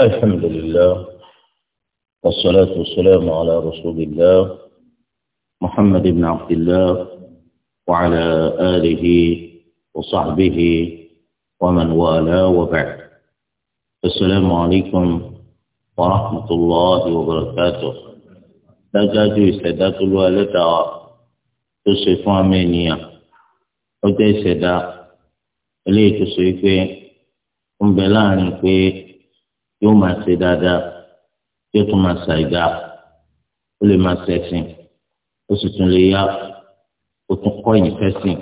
الحمد لله والصلاة والسلام على رسول الله محمد بن عبد الله وعلى آله وصحبه ومن والاه وبعد السلام عليكم ورحمة الله وبركاته dájájú ìṣẹ̀dá tó lọ ẹlẹ́dà wa tó ṣe fún àmì yóò máa ṣe dáadáa yóò tún máa ṣàìdá ó lè máa ṣẹ̀sìn ó sì tún lè yá ó tún kọ́ ìyìnfẹ́ sìn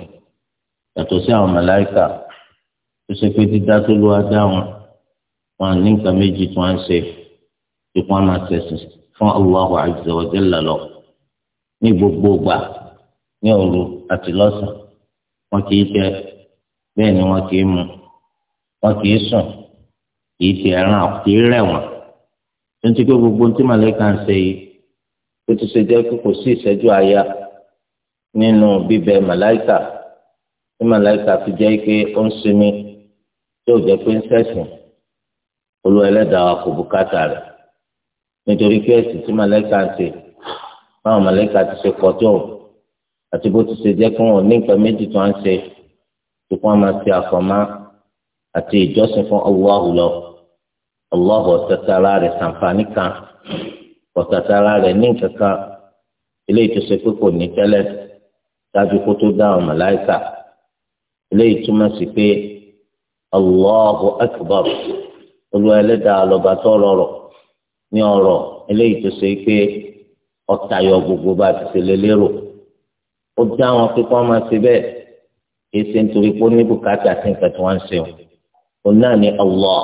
yàtọ̀ sí àwọn màláìkà tó ṣe pé dídá tó ló wá dá wọn wọn ní nǹkan méjì tí wọn ṣe tí wọn máa ṣẹ̀sìn fún Allahu azza wa jalla lọ ní gbogbo gbà ní òru àti lọ́sàn wọn kì í jẹ bẹ́ẹ̀ ni wọn kì í mu wọn kì í sùn kì í ti ẹran àti rẹ̀wọ̀n tó ń ti pé gbogbo tí màlẹ́kà ń ṣe yìí ó ti ṣe jẹ́ pé kò sí ìṣẹ́jú àyà nínú bíbẹ màláìkà tí màláìkà fi jẹ́ pé ó ń sinmi tí ò jẹ́ pé ń ṣẹ̀sìn olú ẹlẹ́dàá kò bùkátà rẹ̀ nítorí pé ẹ̀sìn tí màláìkà ń ṣe báwọn màláìkà ti ṣe kọjọ́ àti bó ti ṣe jẹ́ pé wọn ní nǹkan méjì tó ń ṣe tí wọ́n máa ṣe àfọ̀mọ́ àti ìjọsìn fún Allahu lọ ọlọ́ọ̀bù ọ̀tẹ̀tẹ̀lá rẹ̀ sàǹfààní kan ọ̀tẹ̀tẹ̀lá rẹ̀ ní kankan eléyìí tó ṣe pé kò ní tẹ́lẹ̀ dájú kó tó dá ọmọ láìka eléyìí túmọ̀ sí pé ọlọ́ọ̀bù akbar olú ẹlẹ́dàá lọ́ba tó rọrọ̀ ní ọ̀rọ̀ eléyìí tó ṣe pé ọ̀tayọ̀ gbogbo bá ti ṣe lé ó dá wọn pé kí wọ́n bẹ́ẹ̀ kì í ṣe nítorí pé ó ní bùkátà sí nǹkan tí wọ́n ń ṣe òun náà ní ọlọ́ọ̀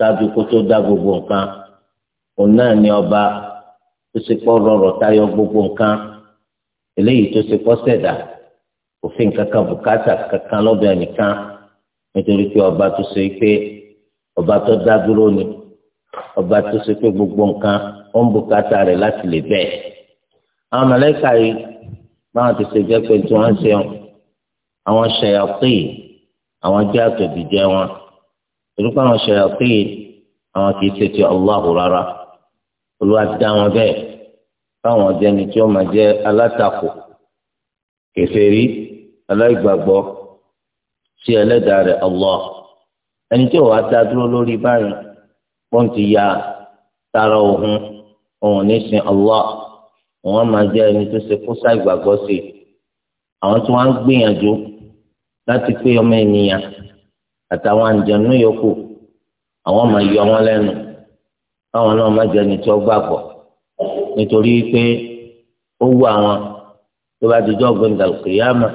ṣáájú kó tó dá gbogbo nǹkan òun náà ni ọba tó ṣe pọ́ rọrọ̀ tayọ gbogbo nǹkan eléyìí tó ṣe pọ́ ṣẹ̀dá òfin kankan bùkátà kankan lọ́bẹ̀ nìkan nítorí pé ọba tó ṣe pé ọba tó dá dúró ni ọba tó ṣe pé gbogbo nǹkan ó ń bùkátà rẹ̀ láti lè bẹ́ẹ̀. àwọn mọ̀lẹ́kà yìí báwọn ti ṣe jẹ́ pé tí wọ́n ń ṣe àwọn ṣẹ̀yà pé àwọn jẹ́ àtòbí jẹ́ wọn torí pé àwọn ṣayatin àwọn kì í ṣe ti Allahu rárá olúwa ti dá wọn bẹ́ẹ̀ fáwọn jẹni tí ó máa jẹ alátakò kèfèrí aláìgbàgbọ́ sí ẹlẹ́dàá rẹ̀ Allah ẹni tí òwò ata dúró lórí báyìí wọ́n ti ya tara òhun òhun ní sin Allah wọ́n máa jẹ́ ẹni tó ṣe kó sáìgbàgbọ́ sí i àwọn tí wọ́n á gbìyànjú láti pé ọmọ ènìyàn àtàwọn àǹjẹ̀nú yòókù àwọn máa yọ wọn lẹ́nu káwọn náà má jẹ́ ẹni tí ó gbàgbọ́ nítorí pé ó wù àwọn tó bá dojú ọ̀gbìn dàlùkìyàmà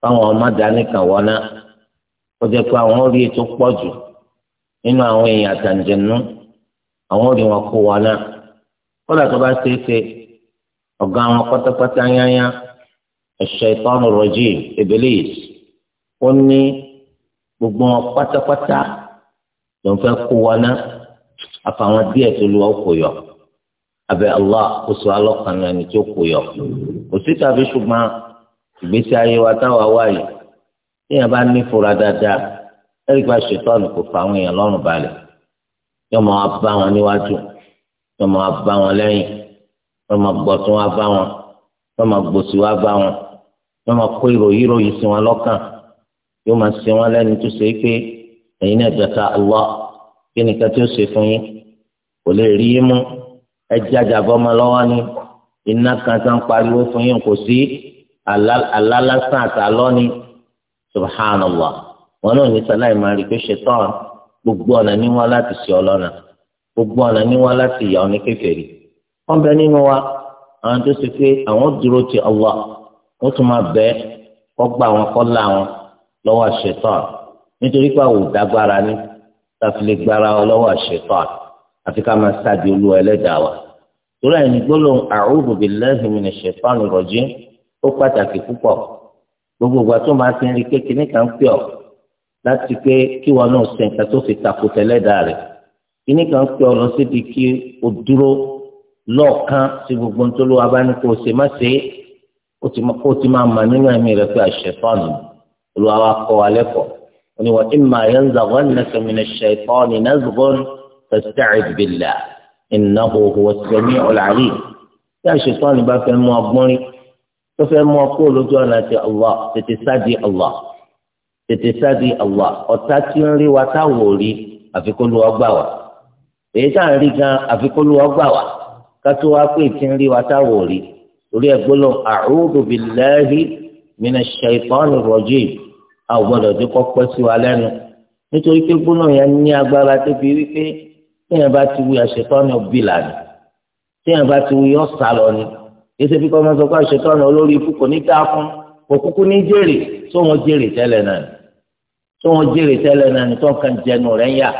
káwọn ọmọ dání kan wọ́n náà ó jẹ́ pé àwọn orí ètò pọ̀ jù nínú àwọn èèyàn àtàǹjẹ̀nú àwọn orí wọn kó wọn náà kódà tó bá ṣeé ṣe wọn pátápátá yányá ẹ̀ṣẹ̀ ìtọ́nù rọ̀jì Iblis ó ní gbogbo wọn pátápátá ló ń fẹ́ kó wọn ná àfàwọn díẹ̀ tó lu ọkọ yọ abẹ Allah kó sọ alọkànnì ẹni tó kó yọ kò sí tàbí ṣùgbọ́n ìgbésí ayé wa táwa wà yìí téèyàn bá ní fura dáadáa ẹrí gba ṣètọ́nù kò fa àwọn èèyàn lọ́rùn balẹ̀ yọ mọ wá bá wọn níwájú yọ mọ wá bá wọn lẹ́yìn yọ mọ gbọ̀tún wá bá wọn yọ mọ gbòsì wá bá wọn yọ mọ kó ìròyìn ìròyìn sí wọn lọ́kàn yóò máa ṣe wọn lẹ́ni tó ṣe pé ẹ̀yin náà jata Allah kí nìkan tí ó ṣe fún yín kò lè rí yín mú ẹjẹ àjàbọ́ ọmọ lọ́wọ́ ni iná kan tó ń pariwo fún yín kò sí alálásán àtàlọ́ ni subhanallah wọn náà ní sáláì máa rí pé ṣetán gbogbo ọ̀nà ní wọn láti ṣe ọlọ́nà gbogbo ọ̀nà ní wọn láti yà ọ ní kékeré wọn bẹ nínú wa àwọn tó ṣe pé àwọn dúró ti Allah wọn tún máa bẹ ọgbà wọn kọ́ la wọn lọ́wọ́ ṣetán nítorí pé àwọn òdágbára ní tàfilẹ̀ gbára lọ́wọ́ ṣetán àfi ká máa sáàdì olúwa ẹlẹ́dàá wa. torí ẹni gbólóhùn a'udhu billahi minash shaitanir rajim ó pàtàkì púpọ̀ gbogbo ìgbà tó máa ti ń rí kékeré kan pè ọ́ láti pé kí wọn náà ṣe nǹkan tó fi takò tẹ́lẹ́dàá rẹ̀ kíní kan pè ọ́ lọ síbi kí o dúró lọ́ọ̀kan sí gbogbo nítorí wa ṣe má ṣe ó ti máa mọ̀ nínú ẹ̀mí rẹ̀ pé àṣẹ fáànù olúwa wa kọ́ wa lẹ́kọ̀ọ́ wọn ni wa imma yanzaghannaka minash shaytani nazghun fasta'idh billah innahu huwas sami'ul 'alim tí àṣetọ́ni bá fẹ́ mú ọgbọ́n rí tó fẹ́ mú ọkọ́ lójú ọ̀nà ti Allah tètè sádi Allah tètè sádi Allah ọ̀tá tí ń rí wa táwọ̀ rí àfikún ọgbà wa èyí tá à ń rí gan àfikún ọgbà wa kátó wá pé tí ń rí wa táwọ̀ rí orí ẹ̀gbọ́n lọ a'udhu billahi mina ṣàìtọ́nù rọ̀jì a ò gbọ́dọ̀ dé kọ́pẹ́ sí wa lẹ́nu nítorí pé gbóná yẹn ní agbára débi wípé téèyàn bá ti wí àṣetọ́nù bí lànà téèyàn bá ti wí yọ sálọ ni ètò ìfikọ́ máa sọ pé àṣetọ́nù olórí ikú kò ní dá fún kò kúkú ní jèrè tó wọn jèrè tẹ́lẹ̀ náà ni tó wọn jèrè tẹ́lẹ̀ náà ni tó kàn jẹnu rẹ̀ yà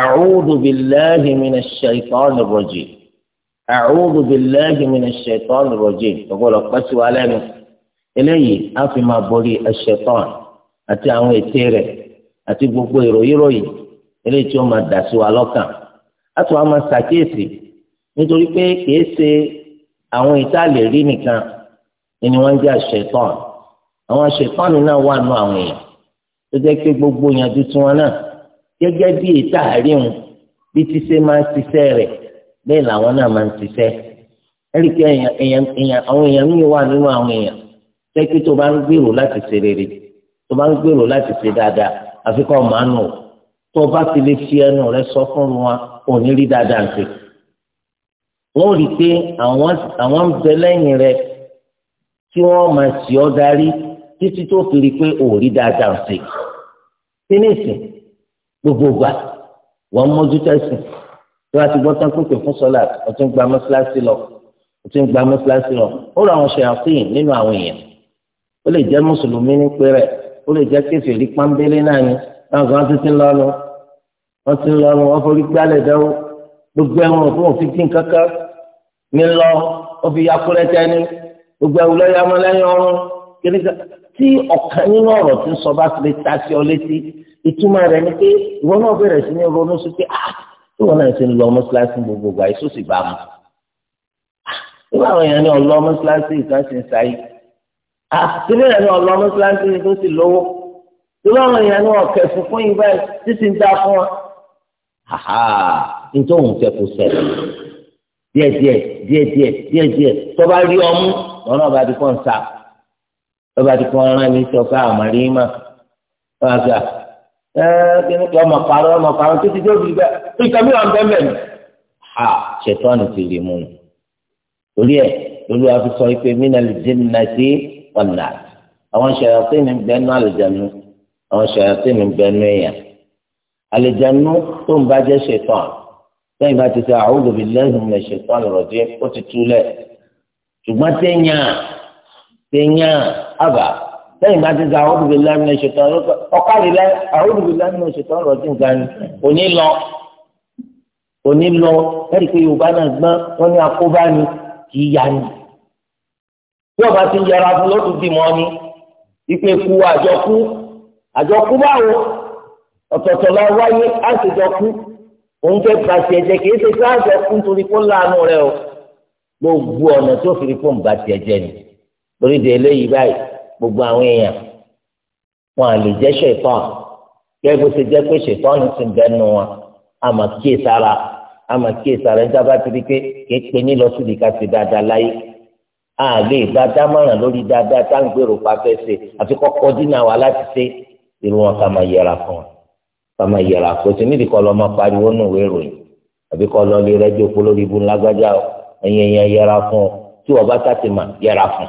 a'udhu billahi minash shaitani rajim a'udhu billahi minash shaitani rajim ọgbọ́dọ̀ pẹ́ sí wa lẹ́nu eléyìí á fi máa borí ẹ̀ṣẹ̀tàn àti àwọn ète rẹ̀ àti gbogbo ìròyìnròyìn eléyìí tí ó máa dà sí wa lọ́kàn á tún á máa ṣàkíyèsí nítorí pé kìí ṣe àwọn ìta lè rí nìkan ni wọ́n ń jẹ́ ẹ̀ṣẹ̀tàn àwọn ẹ̀ṣẹ̀tàn náà wà nù àwọn èèyàn tó jẹ́ pé gbogbo ìyànjú tiwọn náà gẹ́gẹ́ bí ìta bí tíṣe máa ń ṣiṣẹ́ rẹ̀ bẹ́ẹ̀ làwọn náà máa ń ṣiṣẹ́ ẹ̀ríkẹ́ àwọn èèyàn míì wà nínú àwọn èèyàn tẹ́kí tó bá ń gbèrò láti ṣe rere tó bá ń gbèrò láti ṣe dáadáa àfi kọ́ màánù tó bá ti lè fi ẹnu rẹ sọ fún wọn ò ní rí dáadáa ń ṣe. wọ́n rí i pé àwọn ń bẹ lẹ́yìn rẹ tí wọ́n máa ṣì ọ́ darí títí tó fi rí i pé ò rí dáadáa ń ṣe. fínísì gbogbo wọ́n mójú tẹ̀sìn tí wọ́n ti gbọ́ tán pèpè fún sọ́là ọ̀tún gba mọ́ṣáláṣí lọ ọ̀tún gba mọ́ṣáláṣí lọ ó rọ àwọn ṣèyàn fún yìí nínú àwọn èèyàn ó lè jẹ́ mùsùlùmí ní pẹ́rẹ́ ó lè jẹ́ kèfèrí pọ́nbélé náà ni táwọn kan ti ti ń lọ́nu wọ́n ti ń lọ́nu wọ́n forí gbálẹ̀ dẹ́wọ́ gbogbo ẹ̀wọ̀n fún òfin tí nǹkankan ní lọ ó fi yakúrẹ́ tẹ́ni gbogbo ẹ̀wọ̀n lọ́ọ́ yamọ́ lẹ́yìn ọrùn kíníkà tí ọ̀kan nínú ọ̀rọ̀ tí ń sọ bá ti lè ta sí ọ létí ìtumọ̀ rẹ̀ ni pé ìwọ náà bẹ̀rẹ̀ sí ní ronú sí pé ah tí wọn náà ti ń lọ mọ́ṣáláṣí gbogbogbò àìsùn sì bá mu. nígbà ah, àwọn èèyàn ní ọlọ́ mọ́ṣáláṣí ìkan ṣe ń sáyé àtúnú ah, ẹ̀ ní ọ̀lọ́ mọ́sálásí ni tó sì lówó torí àwọn èèyàn ní ọ̀kẹ́ fún fún yín báyìí títí ń dá fún wa. nítorí òun fẹ́ kó sẹ́yìn díẹ̀díẹ̀ díẹ̀díẹ̀ díẹ̀díẹ̀ tó bá rí ọmú lọ́nà ọba àdìpọ̀ ń sa ọba àdìpọ̀ ń rán mi sọ fún àmàlí mà wọn àgbà ẹ kíni kí ọmọ parọ́ ọmọ parọ́ títí tó fi gbẹ ìkà mi wà ń bẹ́ẹ̀ a ṣètò àná ti rí mu torí ẹ lórí wa fi mí náà lè dé mi náà sí wọn nà àwọn ṣayọtí ni bẹnu àlùjànnú àwọn ṣayọtí ni bẹnu èèyàn àlùjànnú tó ń bá jẹ ṣètàn lẹ́yìn bá ti sọ a'udhu billahi minash shaitanir rajim ó ti túlẹ̀ ṣùgbọ́n téèyàn téèyàn àbá lẹ́yìn bá ti sọ a'udhu billahi minash shaitanir rajim ọ̀kàlì lẹ́ a'udhu billahi minash shaitanir rajim gan òní lọ òní lọ ẹ̀rí ní akóbá ni bí ọba ti yẹra fún ló tún bímọ ni ìpè ku àjọkú àjọkú báwo ọ̀tọ̀ọ̀tọ̀ la wáyé àṣejọkú òun fẹ́ ba tiẹ̀ jẹ́ kì í ṣe sáà jọkú nítorí kó láàánú rẹ o gbogbo ọ̀nà tó fi rí fóun ba tiẹ̀ jẹ́ ni torí de eléyìí báyìí gbogbo àwọn èèyàn wọn à lè jẹ́ ṣètọ́n kẹ́ẹ́ bó ṣe jẹ́ pé ṣètọ́n ti ń bẹnu wọn àmọ́ kíyèsára àmọ́ kíyèsára ń jábá ti rí pé kéèké ní lọ síbi ká ṣe dáadáa láyé àlè ìdádámọ̀ràn lórí dáadáa tá ń gbèrò pàfẹ́ ṣe àti kọ́kọ́ dínà wa láti ṣe irú wọn ká máa yẹra fún wọn ká máa yẹra fún ti nídìí kọ́ lọ máa pariwo nù wérò yìí àbí kọ́ lọ lé rẹ́díò kó lórí ibu ńlágbájá ẹ̀yìn ẹ̀yìn yẹra fún ọ tí wọ́n bá tàtì mà yẹra fún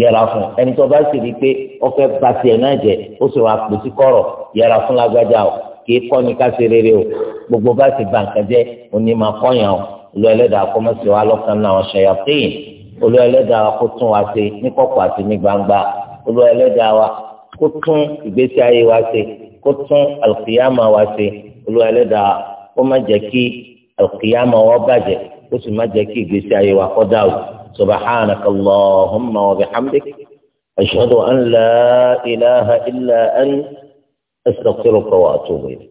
yẹra fún ẹni tó bá sì rí i pé ọfẹ́ bá tiẹ̀ náà jẹ ó sì wà pèsè kọ́rọ̀ yẹra fún lágbájá o kì í kọ́ ni ká ṣe rere o gbogbo bá sì bàǹkà jẹ́ òní máa kọ́yàn o lọ ẹlẹ́dàá kọ́mọ́sí wa lọ́kàn náà ọ̀ṣẹ̀yà péyìn olú ẹlẹ́dàá wa kó tún wa ṣe ní kọ̀kọ̀ àti ní gbangba olú ẹlẹ́dàá wa kó tún ìgbésí ayé wa ṣe kó tún alùkìyàmà wa ṣe olú ẹlẹ́dàá kó má jẹ́ kí alùkìyàmà wa bàjẹ́ kó sì má jẹ́ kí ìgbésí ayé wa kó dà o subhanaka allahumma wa bihamdik ashhadu an la ilaha illa ant astaghfiruka wa